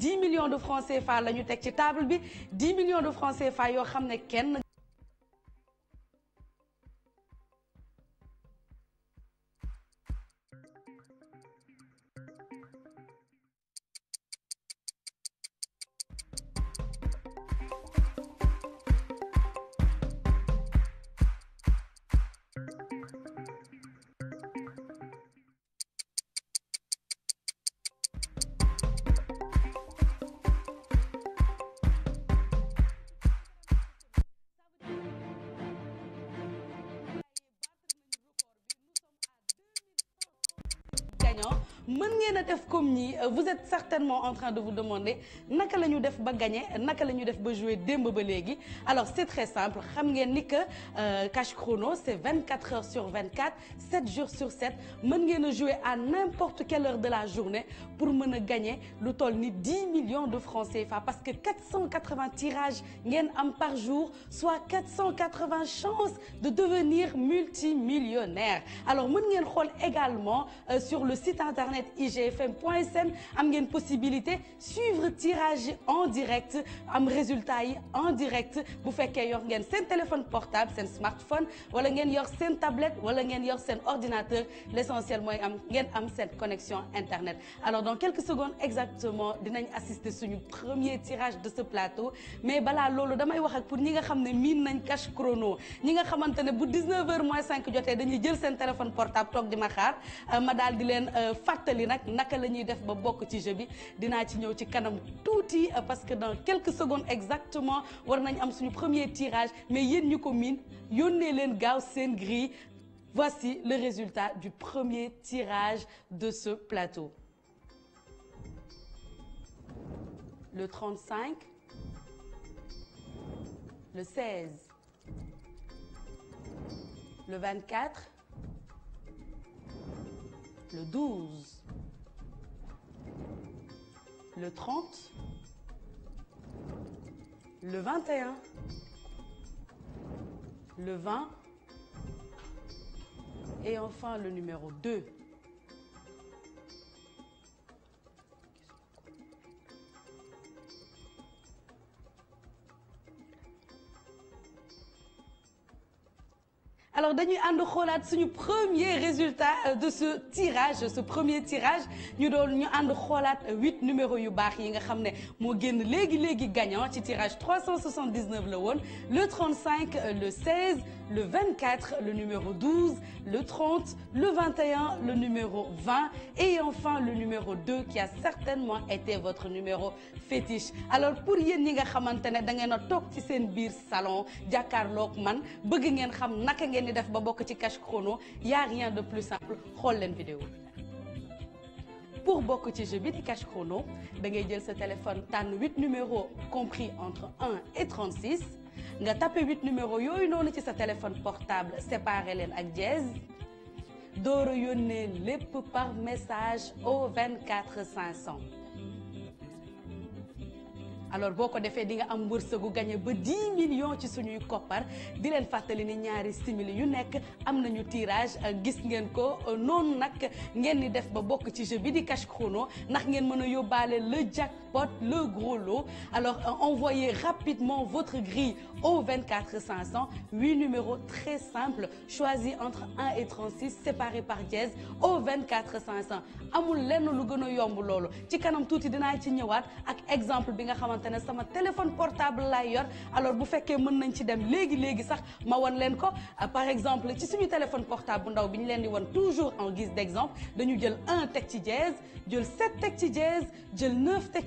10 millions de Français CFA la nuit ci table bi 10 millions de Français CFA yo xam kenn Euh, vous êtes certainement en train de vous demander naka lañu def gagner naka jouer alors c'est très simple xam ngeen euh, cash chrono c'est 24 heures sur 24 7 jours sur 7 vous ngeen jouer à n'importe quelle heure de la journée pour gagner ni 10 millions de francs CFA parce que 480 tirages ngeen par jour soit 480 chances de devenir multimillionnaire alors vous ngeen également euh, sur le site internet igfm SN am ngeen possibilité suivre tirage en direct am résultat en direct bu fekkee yor ngeen sen téléphone portable sen smartphone wala ngeen yor sen tablette wala ngeen yor sen ordinateur l'essentiel mooy am ngeen am seen connexion internet alors dans quelques secondes exactement dinañ assister suñu premier tirage de ce plateau mais bala lolo damay wax ak pour ñi nga xamné ne nañ cash chrono ñi nga xamante bu 19h moins 5 jotee dañuy jël sen téléphone portable tok di ma xaar euh, ma dal di len euh, fàttali nak naka ba bok ci jeu bi dina ci ci kanam parce que dans quelques secondes exactement war nañ am premier tirage mais yeen ñu ko voici le résultat du premier tirage de ce plateau le 35 le 16 le 24 le 12 le 30, le 21, le 20 et enfin le numéro 2 alors nous avons xoolaat suñu premier résultat euh, de ce tirage ce premier tirage Nous avons ñu numéros yu Nous yi nga tirage 379 le 35 euh, le 16 le 24 le numéro 12 le 30 le 21 le numéro 20 et enfin le numéro 2 qui a certainement été votre numéro fétiche alors pour yéen nous nga un, da salon il def ba bokk ci cash chrono y a rien de plus simple xool leen vidéo pour bokk ci jeu bi di chrono da ngay jël téléphone tànn 8 numéros compris entre 1 et 36 nga tapé 8 numéros yooyu noonu ci sa téléphone portable séparé leen ak dièse door a yónnee par message au 24 500. alors boo ko defee di nga am wërsëgu gagné ba 10 millions ci suñuy koppar di leen fàttali ni ñaari simili yu nekk am nañu tirage euh, gis ngeen ko euh, noonu nag ngeen ni def ba bokk ci jeu bi di cash chrono ndax ngeen mën a yóbbaale la jack remporte le gros lot. Alors, euh, envoyez rapidement votre grille au 24 500, 8 numéros très simples, choisis entre 1 et 36, séparés par dièse au 24 500. amul lenn lu gën a yomb loolu ci kanam touti dina ci ñëwaat ak exemple bi nga xamantene sama téléphone portable la yor alors bu faites mën nañ ci dem légui légui sax ma won len ko euh, par exemple ci suñu téléphone portable bu ndaw bi len di won toujours en guise d'exemple dañu jël 1 texte ci dièse jël 7 tek ci dièse jël 9 tek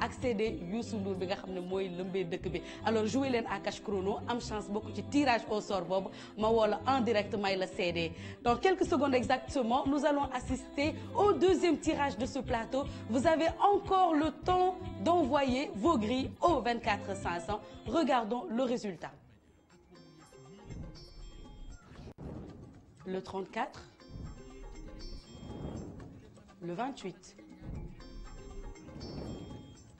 accéder Youssou Ndour bi nga xamné moy dëkk alors jouez len à cash chrono am chance beaucoup ci tirage au sort bob ma wola en direct may la CD dans quelques secondes exactement nous allons assister au deuxième tirage de ce plateau vous avez encore le temps d'envoyer vos grilles au 24 500 regardons le résultat le 34 le 28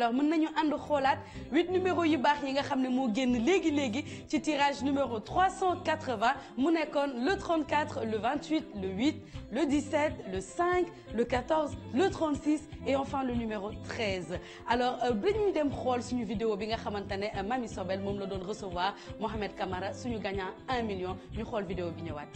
alors nous avons 8 numéros, huit numéros yu baax yi nga xam ne tirage numéro 380 mu le 34 le 28 le 8 le 17 le 5 le 14 le 36 et enfin le numéro 13 alors dañuy euh, dem xool suñu vidéo bi nga xamante ne euh, Sobel moom la recevoir Mohamed Camara suñu gagnant 1 million ñu xool vidéo bi ñëwaat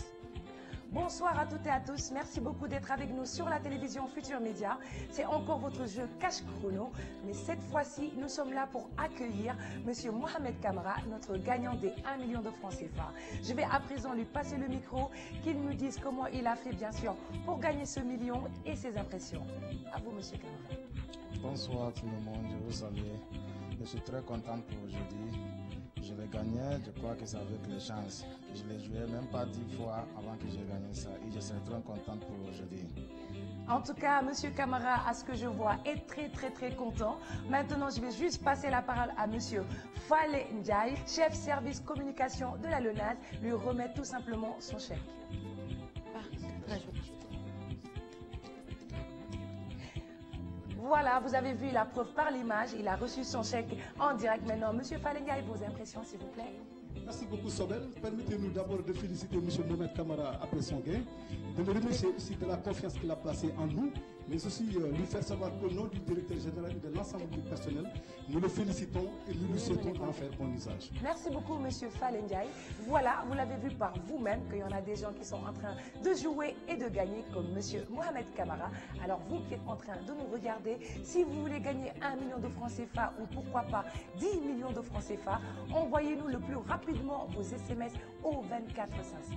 Bonsoir à toutes et à tous. Merci beaucoup d'être avec nous sur la télévision Futur Média. C'est encore votre jeu Cash Chrono, mais cette fois-ci, nous sommes là pour accueillir Monsieur Mohamed Kamra, notre gagnant des 1 million de francs CFA. Je vais à présent lui passer le micro, qu'il nous dise comment il a fait, bien sûr, pour gagner ce million et ses impressions. À vous, Monsieur Kamra. Bonsoir tout le monde, je vous salue. Je suis très content pour aujourd'hui je l'ai gagné, je crois que c'est avec les chances. Je l'ai joué même pas dix fois avant que j'ai gagné ça. Et je suis très contente pour aujourd'hui. En tout cas, Monsieur Camara, à ce que je vois, est très très très content. Maintenant, je vais juste passer la parole à Monsieur Fale Ndiaye, chef service communication de la LENAD, lui remettre tout simplement son chèque. voilà, vous avez vu la preuve par l'image. Il a reçu son chèque en direct maintenant. Monsieur et vos impressions, s'il vous plaît. Merci beaucoup, Sobel. Permettez-nous d'abord de féliciter M. Mohamed Camara après son gain, de remercier aussi de la confiance qu'il a placée en nous mais aussi euh, lui faire savoir qu'au nom du directeur général et de l'ensemble du personnel, nous le félicitons et nous lui souhaitons en faire bon usage. Merci beaucoup, Monsieur Falengay. Voilà, vous l'avez vu par vous-même qu'il y en a des gens qui sont en train de jouer et de gagner, comme Monsieur Mohamed Kamara. Alors, vous qui êtes en train de nous regarder, si vous voulez gagner 1 million de francs CFA ou pourquoi pas 10 millions de francs CFA, envoyez-nous le plus rapidement vos SMS au 24 500.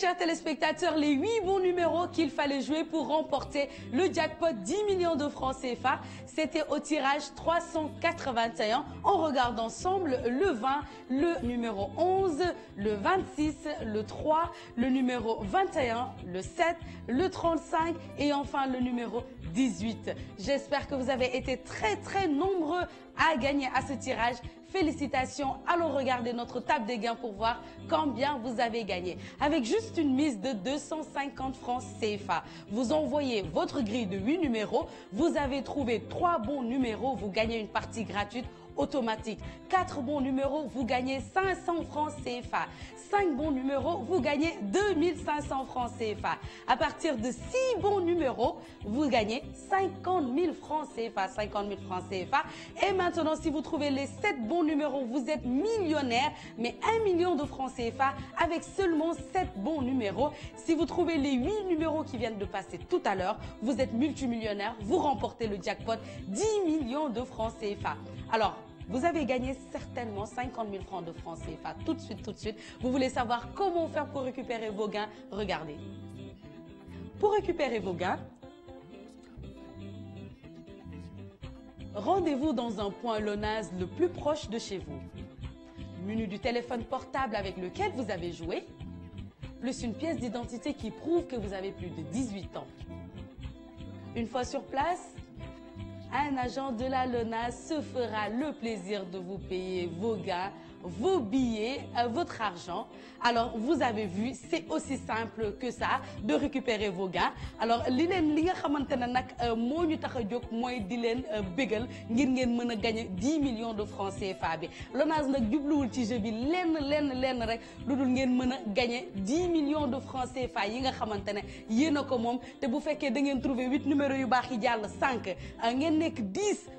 chers téléspectateurs, les 8 bons numéros qu'il fallait jouer pour remporter le jackpot 10 millions de francs CFA, c'était au tirage 381. On regarde ensemble le 20, le numéro 11, le 26, le 3, le numéro 21, le 7, le 35 et enfin le numéro 18. J'espère que vous avez été très très nombreux à gagner à ce tirage. Félicitations, allons regarder notre table des gains pour voir combien vous avez gagné. Avec juste une mise de 250 francs CFA, vous envoyez votre grille de 8 numéros, vous avez trouvé 3 bons numéros, vous gagnez une partie gratuite automatique. Quatre bons numéros, vous gagnez 500 francs CFA. Cinq bons numéros, vous gagnez 2500 francs CFA. À partir de six bons numéros, vous gagnez 50 000 francs CFA. 50 000 francs CFA. Et maintenant, si vous trouvez les sept bons numéros, vous êtes millionnaire, mais un million de francs CFA avec seulement sept bons numéros. Si vous trouvez les huit numéros qui viennent de passer tout à l'heure, vous êtes multimillionnaire, vous remportez le jackpot 10 millions de francs CFA. Alors, vous avez gagné certainement 50 000 francs de francs CFA tout de suite, tout de suite. Vous voulez savoir comment faire pour récupérer vos gains Regardez. Pour récupérer vos gains, rendez-vous dans un point l'ONAS le plus proche de chez vous. Menu du téléphone portable avec lequel vous avez joué, plus une pièce d'identité qui prouve que vous avez plus de 18 ans. Une fois sur place, un agent de la LONA se fera le plaisir de vous payer vos gars vos billets, euh, votre argent. Alors, vous avez vu, c'est aussi simple que ça de récupérer vos gains. Alors, ce li nga xamantene que euh, ñu a euh, ngir 10 millions de francs CFA bi. vous ci jeu bi lenn lenn lenn rek 10 millions de francs CFA yi nga 8 numéros yu yi 5 ngeen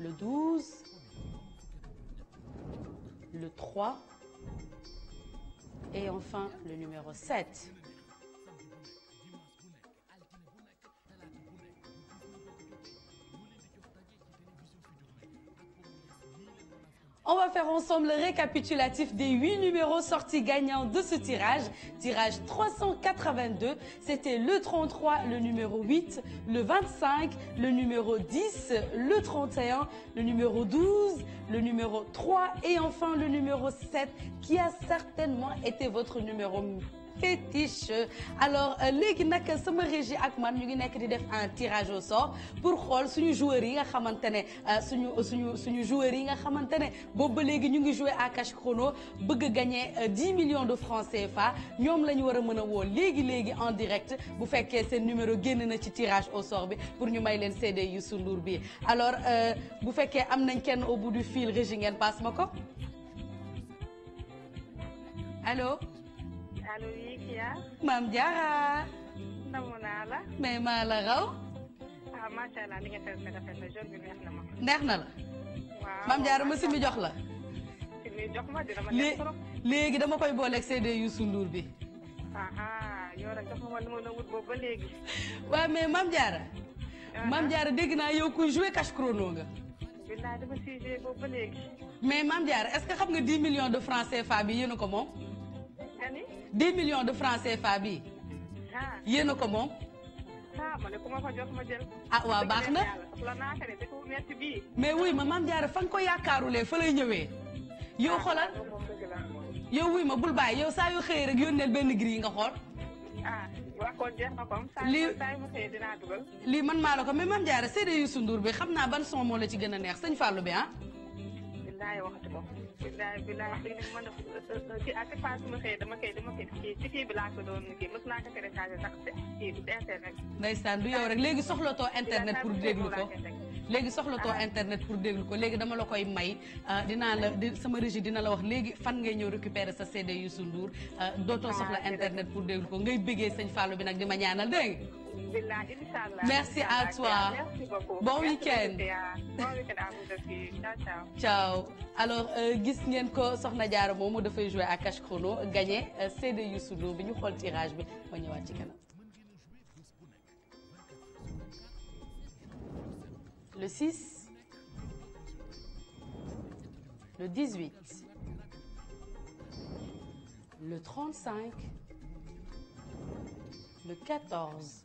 le 12, le 3 et enfin le numéro 7. On va faire ensemble le récapitulatif des 8 numéros sortis gagnants de ce tirage. Tirage 382, c'était le 33, le numéro 8, le 25, le numéro 10, le 31, le numéro 12, le numéro 3 et enfin le numéro 7 qui a certainement été votre numéro alors euh, léegi nag sama régie ak man ñu ngi nekk di def un tirage au sort pour xool suñu joueurs yi nga xamante ne euh, suñu suñu suñu joueurs yi nga ñu ngi à cache chrono bëgg a 10 euh, millions de francs CFA ñoom la ñu war a mën a en direct bu faites ces numéro génn na ci tirage au sort bi pour ñu may leen CD Youssou Ndour bi alors bu faites am nañ kenn au bout du fil régie ngeen passe ma allô allo oui Kya. maam Diarra. namu naa la. mais maa la raw. ah li nga a neex na ma. neex ma simi jox la. simi ma dina léegi dama koy booleeg CD Youssou Ndour bi. ah, ah yow nag jox ma ma lu ma doon wut mais maam Diarra. Ah, maam ah. Diarra dégg naa yow kuy joué cash chrono nga. léegi. mais maam Diarra est-ce que xam nga 10 millions de francs CFA bi yéen a ko moom. 10 millions de francs CFA bi ah. yéen ko moom. ah ma ne ku ma ko jox ma jël. Ah, waaw baax na mais oui ma mam jaara fa nga ko yaakaarulee fa lay ñëwee. yow ah, xoolal yow wuy ma bul bàyyi yow saa yu xëy rek yónneel benn gri nga xool. ah waxoon jeex na comme. lii saa yu xëy dinaa dugal. lii man maa la ko mais mam jaara séddee Youssou Ndour bi xam naa ban son moo la ci gën a neex sëñ Fallou bi ah. billaay waxtu ko billaay billaay wax dëgg nag ma xëyee dama dama koy bi laa ko doon kii naa ko téléchargé sax kii du internet ndeysaan yow rek léegi soxla soxlatoo internet pour déglu ko léegi soxlatoo ah. internet pour déglu ko léegi dama la koy may ah, dinaa la sama régie dina la wax léegi fan ngay ñëw récupérer sa CD Youssou Ndour ah, dootoo soxla internet pour déglu ko ngay bëggee sëñ Fallou bi nag di ma ñaanal dégg Merci à toi. Bon week-end. Bon week à vous aussi. Ciao, Alors, euh, gis ngeen ko Soxna Diarra da fay jouer à cache Chrono gagner euh, CD Youssou Ndour bi tirage bi ba ñëwaat ci kanam. Le 6. Le 18. Le 35. Le 14.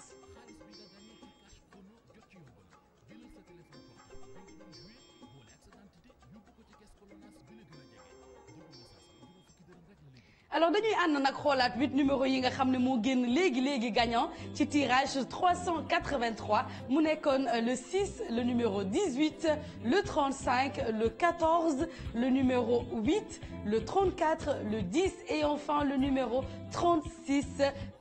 on nak xolaat huit numéro yi nga xamné mo génn gagnant ci tirage 383 mu euh, le 6 le numéro 18 le 35 le 14 le numéro 8 le 34 le 10 et enfin le numéro 36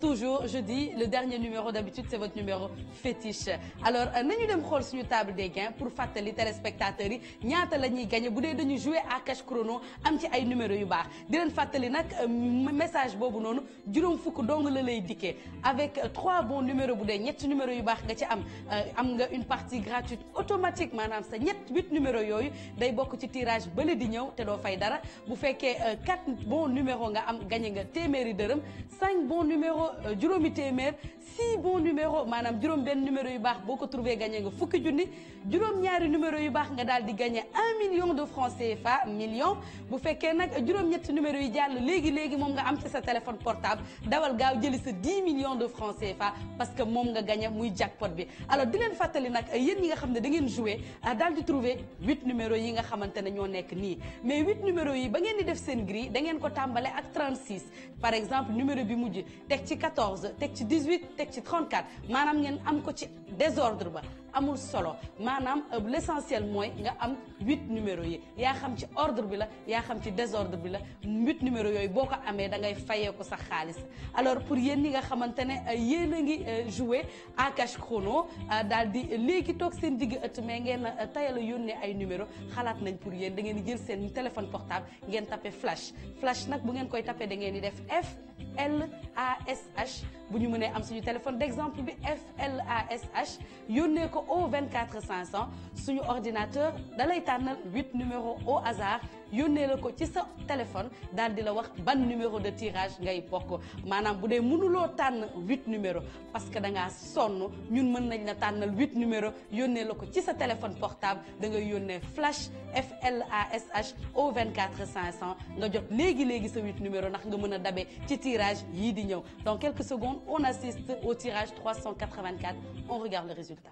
toujours je dis le dernier numéro d'habitude c'est votre numéro fétiche alors euh, nañu dem xol suñu table des gains pour les téléspectateurs yi ñaata lañuy gagner gagné dañu jouer à cash chrono am ci ay numéro yu baax di len fatali nak euh, message bobu noonu juróom fuk dong la lay diké avec trois bons numéros bu dee numéro numéros yu bax nga ci am euh, am nga une partie gratuite automatique manam sa ñet huit numéros yoyu day bokk ci tirage bële di ñëw te doo fay dara bu féké euh, quatre bons numéros nga am gagné nga téeméeri deureum cinq bons numéros euh, juróomi téeméer six bons numéros manam juróom ben numéro yu bax boko trouvé gagné nga fukki junni juróom ñaari numéro yu bax nga daal di gagné un million de francs CFA million bu féké nak juróom ñet numéros yu jall légui légui mom nga am ci sa téléphone portable dawal gaaw jëli sa 10 millions de francs CFA parce que mom nga gagné muy jackpot bi alors di len fatali nak yéen yi nga da ngeen joué ah, dal di trouver 8 numéros yi nga xamantene ñoo mais 8 numéros yi ba ngeen di def sen grille da ngeen ko tambalé ak 36 par exemple numéro bi mujj tek ci 14 tek ci 18 tek ci 34 Manam ngeen am ko ci désordre ba amul solo manam euh, l'essentiel moy nga am 8 numéros yi ya xam ci ordre bi la ya xam ci désordre bi la 8 numéros yoy boko amé da ngay fayé ko sa xaalis alors pour yéen ñi nga xamantene ne euh, yéen ngi euh, jouer à cash chrono daal di léegi toog seen digg ëtt mais ngeen tayal yonne ay numéro xalat nañ pour yéen da ngeen di jël sen téléphone portable ngeen taper flash flash nak bu ngeen koy taper da ngeen di def F FLASH vous buñu mëne am suñu téléphone d'exemple bi FLASH yone ko au 24 500 suñu ordinateur dalay tànnal 8 numéro au hasard yónnee ko ci téléphone daal di la numéro de tirage ngay bokk maanaam bu dee numéro parce que da sonn ñun mën nañ la tànnal huit numéro yónnee ko ci téléphone portable da nga yónnee flash FLASH au 24 500 nga jot léegi léegi sa numéro tirage dans quelques secondes on assiste au tirage 384 on regarde le résultat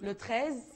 le 13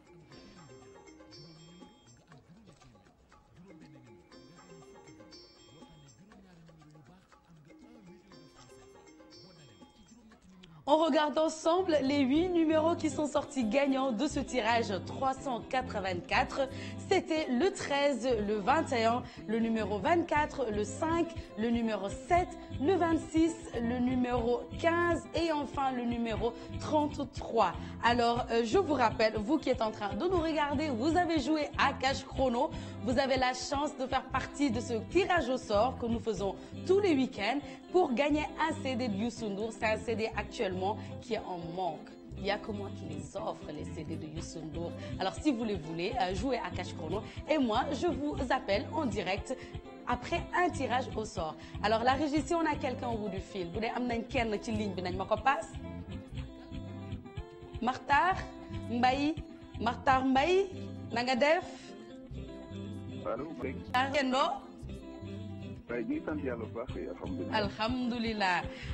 regarde ensemble les 8 numéros qui sont sortis gagnants de ce tirage 384. C'était le 13, le 21, le numéro 24, le 5, le numéro 7, le 26, le numéro 15 et enfin le numéro 33. Alors, euh, je vous rappelle, vous qui êtes en train de nous regarder, vous avez joué à Cash Chrono. Vous avez la chance de faire partie de ce tirage au sort que nous faisons tous les week-ends pour gagner un CD de Youssou C'est un CD actuellement qui est en manque. Il n'y a que moi qui les offre, les CD de Youssou Alors si vous les voulez, euh, jouez à Cash Chrono. Et moi, je vous appelle en direct après un tirage au sort. Alors la régie, si on a quelqu'un au bout du fil, vous ligne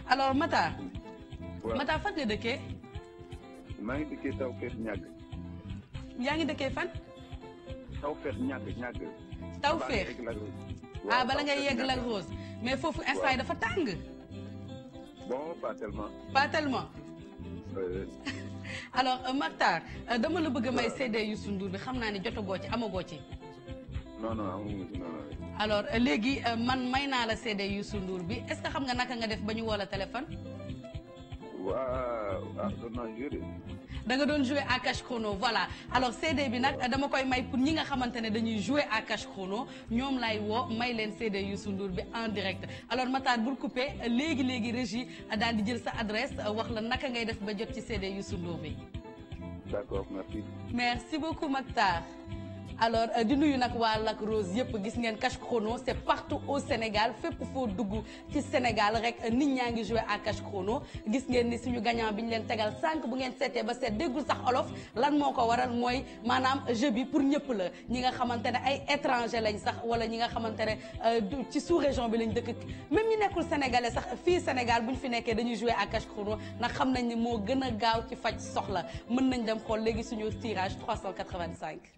alors Mata. mata fan nga dëkkee maa ngi dëkkee taw feet ñàgg yaa ngi dëkkee fan taw feet ñàgg ñàgg taw ah bala ngay yegg Lac Rose mais foofu instant yi dafa tàng bon pas tellement pas tellement euh. alors euh, Makhtar euh, dama la bëgg may CD Youssou Ndour bi xam naa ne jotagoo ci amagoo ci non non ci non alors léegi man may naa la CD Youssou Ndour bi est-ce que xam nga naka nga def ba ñu woo la téléphone waaw à Cache chrono voilà alors CD bi nag dama koy may pour ñi nga à Cache chrono vais lay woo may CD en direct alors Matar vous couper, léegi légui régie sa adresse wax la naka ngay def ba CD d'accord merci. merci beaucoup Matar alors euh, di nuyu nag waa Lac Rose yëpp gis ngeen cash chrono c'est partout au Sénégal pour foo Dougu, ci Sénégal rek euh, nit ñaa joué à cash chrono gis ngeen ni suñu gagnant bi ñu leen tegal sànq bu ngeen seetee ba c'est déggul sax olof lan moko waral mooy manam, jeu bi pour ñëpp la ñi nga xamante ay étranger lañ sax wala ñi nga xamante ne euh, ci sous région bi lañ dëkk même ñi nekkul sénégalais sax fii Sénégal bu ñu fi de dañuy joué à cash chrono na xam nañ ne gana gën a gaaw ci faj soxla mën nañ dem xool léegi suñu tirage 385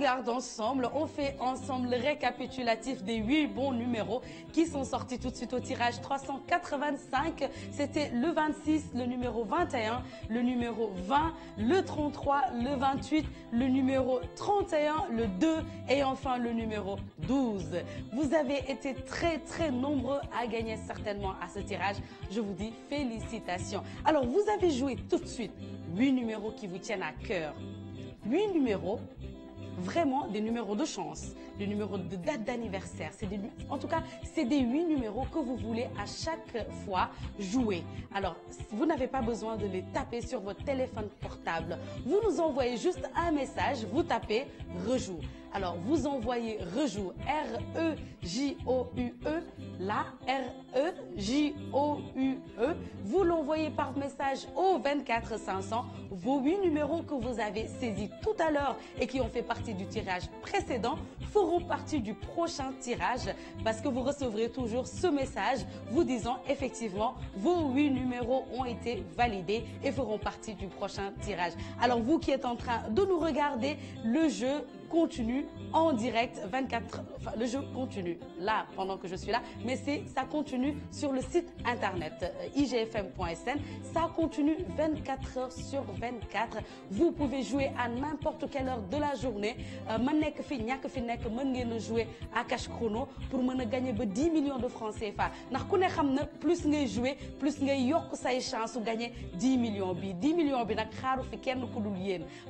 regarde ensemble, on fait ensemble le récapitulatif des 8 bons numéros qui sont sortis tout de suite au tirage 385. C'était le 26, le numéro 21, le numéro 20, le 33, le 28, le numéro 31, le 2 et enfin le numéro 12. Vous avez été très très nombreux à gagner certainement à ce tirage. Je vous dis félicitations. Alors vous avez joué tout de suite huit numéros qui vous tiennent à cœur. Huit numéros vraiment des numéros de chance numéro de date d'anniversaire. C'est en tout cas, c'est des huit numéros que vous voulez à chaque fois jouer. Alors, vous n'avez pas besoin de les taper sur votre téléphone portable. Vous nous envoyez juste un message, vous tapez rejoue. Alors, vous envoyez rejoue, R-E-J-O-U-E, e la R-E-J-O-U-E. E. Vous l'envoyez par message au 24 500. Vos huit numéros que vous avez saisis tout à l'heure et qui ont fait partie du tirage précédent pour partie du prochain tirage parce que vous recevrez toujours ce message vous disant effectivement vos huit numéros ont été validés et feront partie du prochain tirage. Alors vous qui êtes en train de nous regarder, le jeu continue en direct 24 enfin le jeu continue là pendant que je suis là mais c'est ça continue sur le site internet euh, igfm.sn ça continue 24 heures sur 24 vous pouvez jouer à n'importe quelle heure de la journée euh, Manek fi ñak fi jouer à cache chrono pour gagner 10 millions de francs CFA nak ku ne plus ngay jouer plus ngay ça say chance de gagner 10 millions bi 10 millions bi nak xaru fi kenn ku dul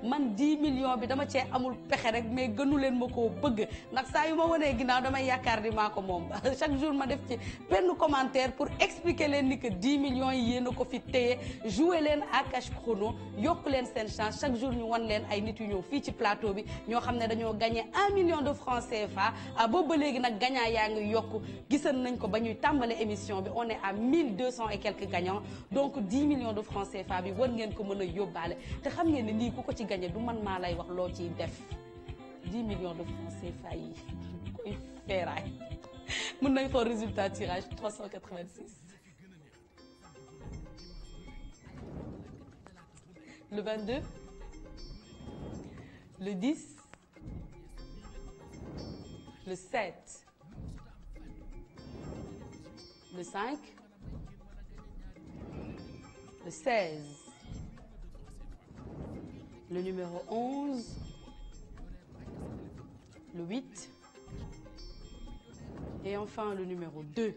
man 10 millions bi dama ci amul pexé mais gënu leen mako koo bëgg ndax saa yu ma wanee ginnaaw damay mako mom chaque jour ma def ci benn commentaire pour expliquer leen ni que 10 millions yi yéen ko fi téye jouer leen à cash chrono yok leen sen chance chaque jour ñu wan leen ay nit yu ñëw fii ci plateau bi ño xam ne dañoo gagné 1 million de francs CFA ah, bo ba léegi nak gagnant yaa ngi yok gisan nañ ko bañuy tambalé émission bi on est à 1200 et quelques gagnants donc 10 millions de francs CFA bi war ngeen ko mëna a te xam ngeen ni ku ko ci gagner du man ma lay wax lo ci def 10 millions de francs CFA failli. ñu koy feeraay hein? mën pas le résultat tirage 386 le 22 le 10 le 7 le 5 le 16 le numéro 11 le 8 et enfin le numéro 2.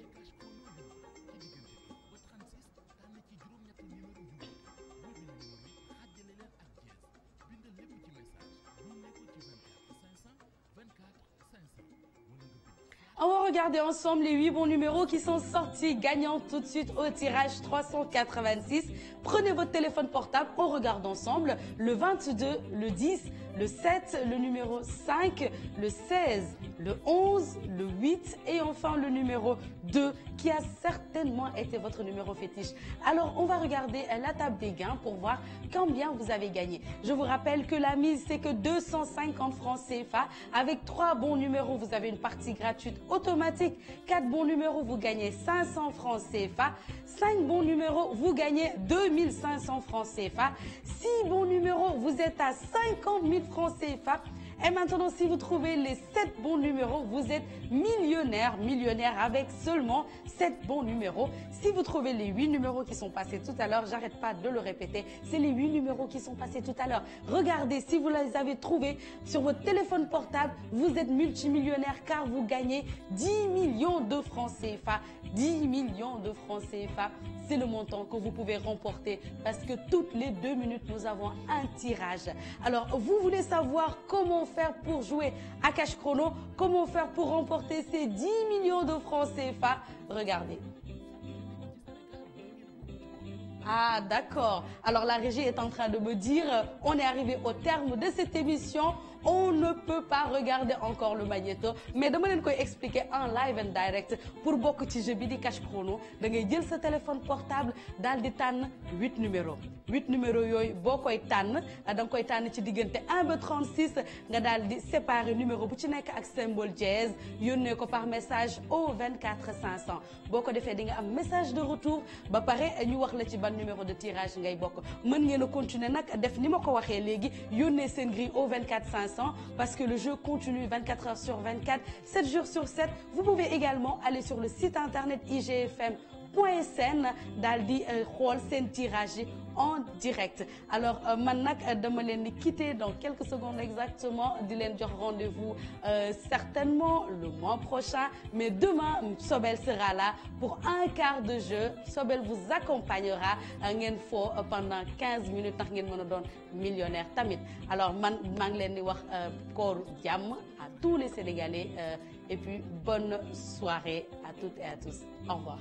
On va regarder ensemble les 8 bons numéros qui sont sortis gagnant tout de suite au tirage 386. Prenez votre téléphone portable, on regarde ensemble le 22, le 10, le 7, le numéro 5, le 16, le 11, le 8 et enfin le numéro 2 qui a certainement été votre numéro fétiche. Alors on va regarder la table des gains pour voir combien vous avez gagné. Je vous rappelle que la mise c'est que 250 francs CFA. Avec 3 bons numéros vous avez une partie gratuite automatique. 4 bons numéros vous gagnez 500 francs CFA. 5 bons numéros vous gagnez 2500 francs CFA. 6 bons numéros vous êtes à 50 000 francs CFA. Et maintenant, si vous trouvez les 7 bons numéros, vous êtes millionnaire, millionnaire avec seulement 7 bons numéros. Si vous trouvez les 8 numéros qui sont passés tout à l'heure, j'arrête pas de le répéter, c'est les 8 numéros qui sont passés tout à l'heure. Regardez, si vous les avez trouvés sur votre téléphone portable, vous êtes multimillionnaire car vous gagnez 10 millions de francs CFA. 10 millions de francs CFA, c'est le montant que vous pouvez remporter parce que toutes les deux minutes, nous avons un tirage. Alors, vous voulez savoir comment faire pour jouer à Cash Chrono Comment faire pour remporter ces 10 millions de francs CFA Regardez. Ah, d'accord. Alors la régie est en train de me dire, on est arrivé au terme de cette émission on ne peut pas regarder encore le magnéto mais je vais koy expliquer en live and direct pour beaucoup jeu bi chrono da téléphone portable dans di 8 huit numéros. huit numéro yooyu boo koy da 1 36 numéro bu ci un symbole jazz, ko par message au 24 500 Beaucoup de un message de retour ba et ñu wax la numéro de tirage ngay avez continuer def au 24 parce que le jeu continue 24 heures sur 24, 7 jours sur 7. Vous pouvez également aller sur le site internet IGFM point sn d'Aldi di euh, xool en direct alors euh, man euh, de vous quitter dans quelques secondes exactement di vous rendez-vous certainement le mois prochain mais demain Sobel sera là pour un quart de jeu Sobel vous accompagnera pendant 15 minutes millionnaire tamit alors man à tous les Sénégalais et puis bonne soirée à toutes et à tous au revoir